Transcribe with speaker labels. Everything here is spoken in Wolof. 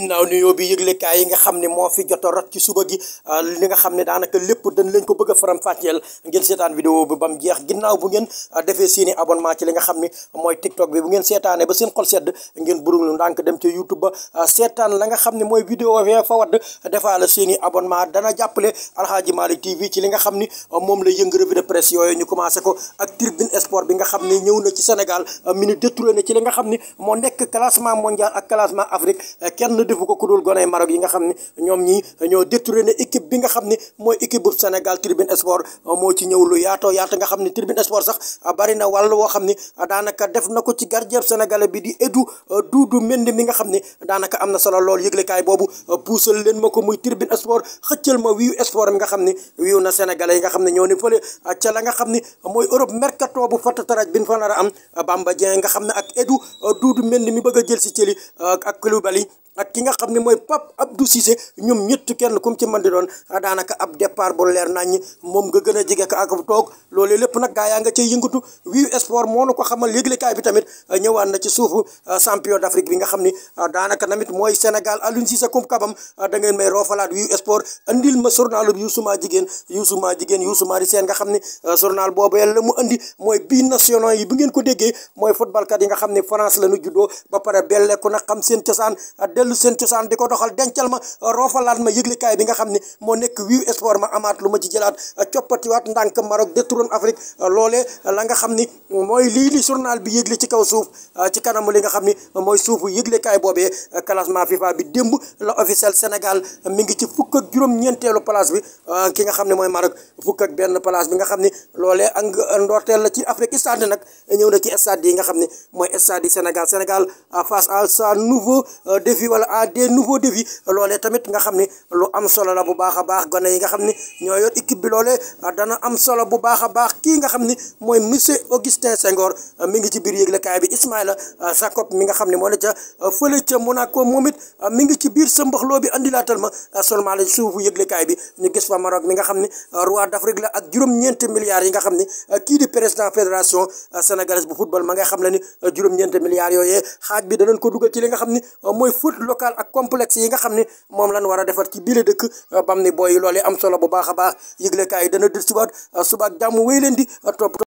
Speaker 1: ginnaaw nuyoo bi yëglekaay yi nga xam ne a rot ci suba gi ah, li nga xam ne ko bëgg a faram-fàcceel seetaan vidéo bi ba mu jeex ginnaaw bu ngeen ah, defee seeni abonnement ci li nga xam ne mooy tiktok bi bu ngeen seetaanee ba seen xol sedd ngeen buruglu ndànk dem ca youtube ba ah, seetaan la nga xam ne mooy vidéo fee fa wadd defaale seeni abonnement dana jàppale Aladji Malick ci li nga xam ni moom la yëng revue de presse yooyu ñu commencé ko ak tribune sport bi nga xam ne ñëw na ci Sénégal mi nu détourné ci li nga xam ni moo nekk classement mondial ak classement Afrique kenn defu ko ku dul goney Maroc yi nga xam ne ñoom ñi ñoo détourné équipe bi nga xam ne mooy équipe bu Sénégal tribune sport moo ci ñëw lu yaatoo yaat nga xam ne tribune sport sax bari na wàll woo xam ne daanaka def na ko ci gardien sénégalais bi di Edou Doudou Mendy mi nga xam ne daanaka am na solo lool yëglekaay boobu puusal leen ma ko muy tribune sport xëccal ma wiiw sport mi nga xam ne wiiw na sénégalais nga xam ne ñoo ne fële ca la nga xam ne mooy Europe mercato bu fattataraj bin fa nar am Bamba Dieng nga xam ne ak Edou Doudou Mendy mi bëgg a jël si cëli ak Koulibaly ak ki nga xam ne mooy Pape Abdou Cissé ñoom ñett kenn kum ci mën di doon daanaka ab départ bu leer naññ moom nga gën a jege ko ak toog loolee lépp nag gaa yaa nga cay yëngatu wiw moo nu ko xamal yëglekaay bi tamit ñëwaan na ci suufu champion d'Afrique bi nga xam ni daanaka tamit mooy Sénégal Aliou Cissé kum kabam da ngeen may roofalaat wiw sport andil ma journal bi Youssou Madjiguène Youssou Madjiguène Youssou Mari Sène nga xam ne euh, journal boobu yàlla la mu andi mooy bii yi bu ngeen ko déggee mooy footballkat yi nga xam ne France la ñu juddoo ba pare belleeku nag xam seen cosaan dellu seen cosaan di ko doxal dencal ma roofalaat ma yëglikaay bi nga xam ne moo nekk wiiw sport ma amaat lu ma ci jëlaat coppatiwaat ndànk Maroc détrône Afrique loolee la nga xam ni mooy lii li journal bi yëgle ci kaw suuf ci kanamu li nga xam ni mooy suufu yëglekaay boobee classement FIFA bi démb la officiel Sénégal mi ngi ci fukk ak juróom-ñeenteelu place bi ki nga xam ne mooy Maroc fukk ak benn place bi nga xam ni loolee ang ndorteel la ci Afrique stade nag ñëw na ci stade yi nga xam ne mooy stade yi Sénégal Sénégal wala à des nouveaux défis loolee tamit nga xam ne lu am solo la bu baax a baax gone yi nga xam ne ñoo yor équipe bi loolee dana am solo bu baax a baax kii nga xam ne mooy monsieur Augustin Senghor mi ngi ci biir yëglekaay bi Ismaïla Jacob mi nga xam ne moo la ca fële ca Monaco moom it mi ngi ci biir sa mbaxloo bi andilaatal ma seulement la suufu yëglekaay bi ñu gis fa Maroc mi nga xam ne roi d'Afrique la ak juróom-ñeenti milliards yi nga xam ne kii di président fédération sénégalaise bu football ma nga xam la ni juróom-ñeenti milliards yooyee xaaj bi local ak complexe yi nga xam ne moom lan war a defar ci biir dëkk euh, bam ni booy loole am solo bu baax a baax yëglekaay yi dana dël subaat subaat jàmm wéy leen di euh, topp